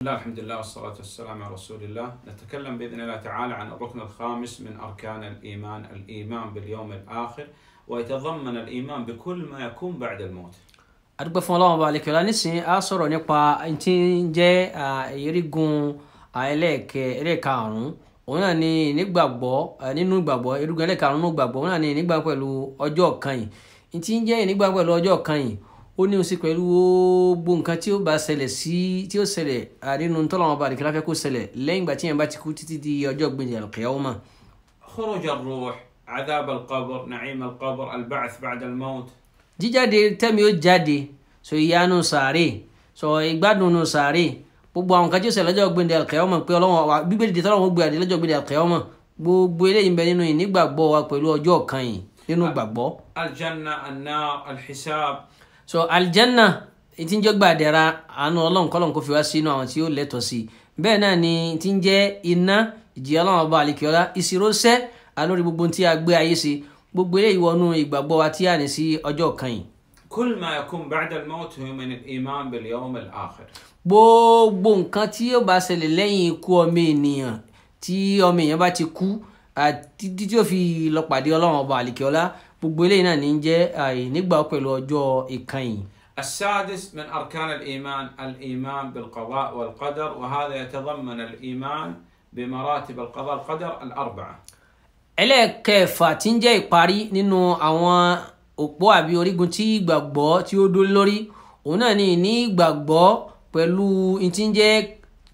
الله الحمد لله والصلاة والسلام على رسول الله نتكلم بإذن الله تعالى عن الركن الخامس من أركان الإيمان الإيمان باليوم الآخر ويتضمن الإيمان بكل ما يكون بعد الموت أدبف الله وبالك لا نسي أصر أن يقبع جي آه، يريقون آه، أليك إليكان ونا ني نقبع آه، ني نقبع يريقون أليكان نقبع ونا ني نقبع بلو أجوك كاين إنتين جي نقبع بلو أجوك كاين ó ní oṣù pẹ̀lú gbogbo nǹkan tí ó bá ṣẹlẹ̀ sí tí ó ṣẹlẹ̀ nínú tọ́lọ́wọ́n bá àdìkẹ́lá fẹ́ kó ṣẹlẹ̀ lẹ́yìn ìgbà tí yẹn bá ti kú títí di ọjọ́ gbìyànjú al-qiyāmah. khuruja ar-ruh adhab al-qabr na'im al-qabr al-ba'th ba'da al-mawt. jíjáde tẹ́mi ó jáde sọ ìyanu sàárè sọ ìgbádùn nù sàárè gbogbo àwọn kan tí ó ṣẹlẹ̀ lọ́jọ́ gbìyànjú al-qiyāmah pé ọlọ́wọ́n so aljanna tí ń jẹ́ gbàdẹ̀ra àánú ọlọ́run kọ́lọ́n kó fi wá sínú àwọn tí ó lẹ́tọ̀ọ́ sí bẹ́ẹ̀ náà ni tí ń jẹ́ iná ìjìyà ọlọ́run ọba àlekèọ́lá ìṣirọ́sẹ́ alórí gbogbo tí a gbé ayé ṣe gbogbo eléyìí wọnú ìgbàgbọ́ wa tí a ní sí ọjọ́ kan yìí. كل ما يكون بعد الموت هو من الإيمان باليوم الآخر gbogbo nǹkan tí yóò bá ṣẹlẹ̀ lẹ́yìn ikú ọmọ ènìyàn tí ọmọ èèyàn bá ti kú àti tí yóò fi lọ pàdé ọlọ́run ọba àlìkẹ́ọ́lá gbogbo eléyìí náà ní ń jẹ́ àìnígbà pẹ̀lú ọjọ́ ìkẹyìn. السادس من أركان الإيمان الإيمان بالقضاء والقدر وهذا يتضمن الإيمان بمراتب القضاء والقدر الأربعة ẹlẹ́ẹ̀kẹfà tí ń jẹ́ ìparí nínú àwọn òpó àbí orígun tí ìgbàgbọ́ tí ó dó lórí òun náà ni ní ìgbàgbọ́ pẹ̀lú tí ń jẹ́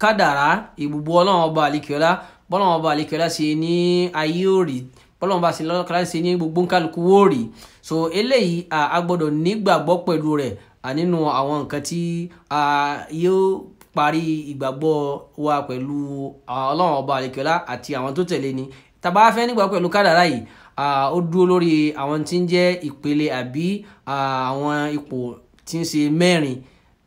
kádàrá ìbùbù ọlọ́run ọba àlekèọ́lá bọ́lọ́run ọba àlekèọ́lá ṣe ní ayé òrì bọ́lọ́n bá sì lọ́kàn láti ṣe ní gbogbo nkálukú wóòrì so eléyìí a gbọ́dọ̀ nígbàgbọ́ pẹ̀lú rẹ̀ nínú àwọn nǹkan tí yóò parí ìgbàgbọ́ wa pẹ̀lú ọlọ́run ọba àlekèọ́lá àti àwọn tó tẹ̀lé ni tàbá fẹ́ nígbà pẹ̀lú kádàrá yìí ó dúró lórí àwọn tí ń jẹ́ ìpele àbí àwọn ipò tí ń ṣe mẹ́rin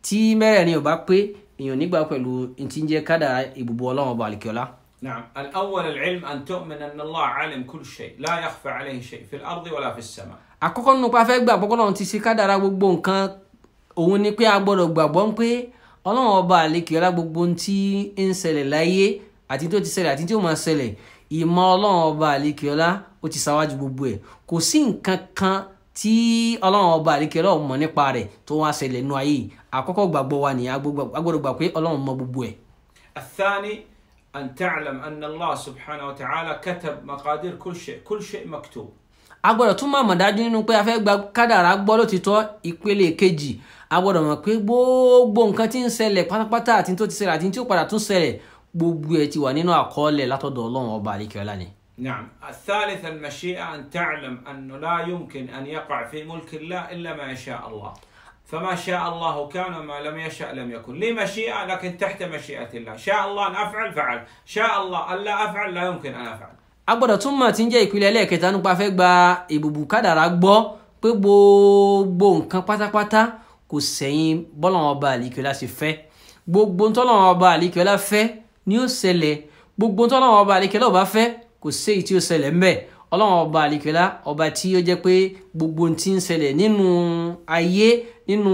tí mẹ́rẹ̀ẹ̀rin ò bá pé èèyàn nígbà pẹ̀lú tí ń jẹ́ kádàrá ìbùbọ̀ ọlọ́run ọba àlekèọ́lá نعم الأول العلم أن تؤمن أن الله عالم كل شيء لا يخفى عليه شيء في الأرض ولا في السماء àkọ́kọ́ nínú pa fẹ́ gbàgbọ́ Ọlọ́run ti ṣe kádàrá gbogbo nǹkan òun ni pé a gbọ́dọ̀ gbàgbọ́ pé Ọlọ́run ọba àlekè ọlá gbogbo ohun tí ń ṣẹlẹ̀ láyé àti tó ti ṣẹlẹ̀ àti tí ó máa ṣẹlẹ̀ ìmọ̀ Ọlọ́run ọba àlekè ọlá ó ti ṣáwájú gbogbo ẹ̀ kò sí nǹkan kan tí Ọlọ́run ọba àlekè ọlá mọ̀ nípa rẹ̀ tó wá ṣẹlẹ̀ nínú ayé àkọ́kọ́ gbàgbọ́ wa nìyẹn a gbọ́dọ̀ gbà pé Ọlọ́run mọ̀ gbogbo ẹ̀. الثاني أن تعلم أن الله سبحانه وتعالى كتب مقادير كل شيء كل شيء مكتوب a gbọ́dọ̀ tún mọ̀ dájú nínú pé a fẹ́ gba kádàrá gbọ́ lótìtọ́ ìpele kejì a gbọ́dọ̀ mọ̀ pé gbogbo nǹkan tí ń ṣẹlẹ̀ pátápátá àti tó ti ṣẹlẹ̀ àti tí ó padà tún ṣẹlẹ̀ gbogbo ẹ̀ ti wà nínú àkọọ́lẹ̀ látọ̀dọ̀ ọlọ́run ọba àríkẹ́ọ́lá ni. نعم الثالث المشيئة أن تعلم أنه لا يمكن أن يقع في ملك الله إلا ما يشاء الله فما شاء الله كان وما لم يشاء لم يكن لي مشيئة لكن تحت مشيئة الله شاء الله أن أفعل فعل شاء الله ألا أفعل لا يمكن أن أفعل agbọ́dọ̀ tún mọ̀ tí ń jẹ́ ìpìlẹ̀ ẹlẹ́ẹ̀kẹta nípa fẹ́ gba ìbùbù kádàrá gbọ́ pé gbogbo nǹkan pátápátá kò sẹ́yìn bọ́lọ́wọ́n ọba àlìkíọ́lá sì fẹ́ gbogbo ntọ́lọ́wọ́n ọba àlìkíọ́lá fẹ́ ni ó ṣẹlẹ̀ gbogbo ntọ́lọ́wọ́n ọba àlìkíọ́lá ò bá fẹ́ kò sí èyí tí ó ṣẹlẹ̀ ńbẹ̀ ọlọ́run ọba àlìkẹ́lá ọba tí ó jẹ́ pé gbogbo ohun tí ń ṣẹlẹ̀ nínú ayé nínú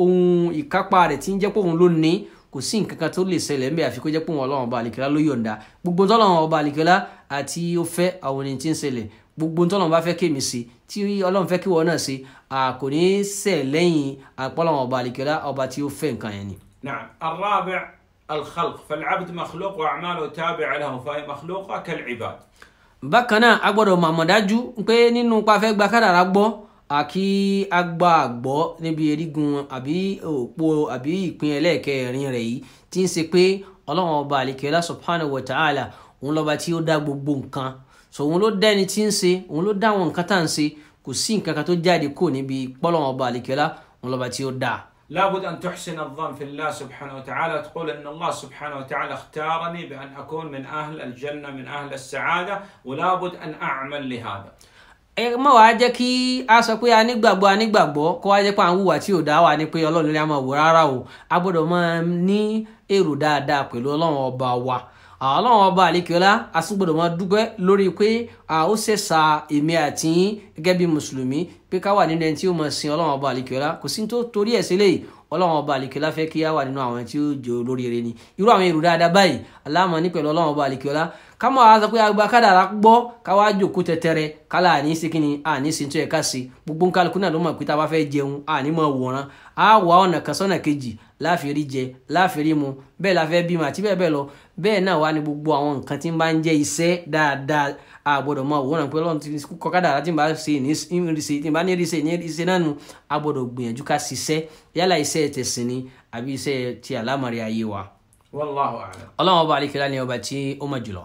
ohun ìkápá rẹ̀ tí ń jẹ́ pé òun ló ní kò sí nǹkan kan tó lè ṣẹlẹ̀ ń bẹ àfi kó jẹ́ pé òun ọlọ́run ọba àlìkẹ́lá ló yọ̀ǹda gbogbo tọ́lọ́run ọba àlìkẹ́lá àti ó àwọn ohun tí ń ṣẹlẹ̀ gbogbo tọ́lọ́run bá fẹ́ kémi sí tí ọlọ́run fẹ́ kí wọ́n náà sí kò ní ṣẹ̀ lẹ́yìn àpọ́lọ́run ọba àlìkẹ́lá ọba الخلق فالعبد مخلوق وأعماله تابعة له فهي كالعباد bákan náà a gbọ́dọ̀ màmọ̀ dájú pé nínú pafẹ́ gba kádàrá gbọ́ àkí agba àgbọ́ níbi erigun àbí òpó àbí ìpín ẹlẹ́ẹ̀kẹrin rẹ̀ yìí tí ń ṣe pé ọlọ́run ọba àlekèọ́lá subhanahu wa ta'ala òun lọ́ba tí ó dá gbogbo nǹkan so òun ló dẹ́ni tí ń ṣe òun ló dá àwọn nǹkan tá à ń ṣe kò sí nǹkan kan لابد أن تحسن الظن في الله سبحانه وتعالى تقول أن الله سبحانه وتعالى اختارني بأن أكون من أهل الجنة من أهل السعادة ولابد أن أعمل لهذا ẹ mọ̀ wá jẹ́ kí a sọ pé a nígbàgbọ́ a nígbàgbọ́ kó wá jẹ́ pé àwọn hùwà tí ò dá wà ní pé ọlọ́run lórí àmọ́ wò rárá o a gbọ́dọ̀ máa ní èrò dáadáa pẹ̀lú ọlọ́run ọba wa. àwọn ah, ọba àlekèọlá asúgbọ́dọ̀ máa dúpẹ́ lórí pé ó ṣẹ̀ṣà èmi àti gẹ́gẹ́ bí mùsùlùmí pé ká wà nínú ẹni tí ó máa sin ọlọ́run ọba àlekèọlá kò sí ní tó torí ẹ̀ sílẹ̀ ọlọ́run ọba àlekèọlá fẹ́ kí á wà nínú àwọn tí ó jẹ́ olóríire ni irú àwọn èrò dáadáa báyìí aláàmọ́ ní pẹ̀lú ọlọ́run ọba àlekèọlá ká mọ̀ á sọ pé agba kádàrá gbọ́ ká wá jòkó tẹ̀tẹ̀rẹ̀ kálá àní sí kíni àní sí tó yẹ ká sí gbogbo ń kálukú náà ló mọ̀ pé tá a bá fẹ́ jẹun àní mọ̀ wòran á wà ọ̀nà kan sọ́nà kejì láfìrí jẹ láfìrí mu bẹ́ẹ̀ la fẹ́ bímọ àti bẹ́ẹ̀ bẹ́ẹ̀ lọ bẹ́ẹ̀ náà wà ní gbogbo àwọn nǹkan tí ń bá ń jẹ́ iṣẹ́ dáadáa àgbọ̀dọ̀ máa wọ́n pé ọlọ́run ti kọ kádàrá tí n bá ṣe ìrìnsè tí n bá ní ìrìnsè ní ìrìnsè náà nu àgbọ̀dọ̀ gbìyànjú ká ṣiṣẹ́ yálà iṣẹ́ tẹ̀sìn ni àbí iṣẹ́ ti àlámọ̀rí ayé wa. wallahu a'lam. ọlọ́run ọba àlekèlá ni ọba tí ó mọ̀ jùlọ.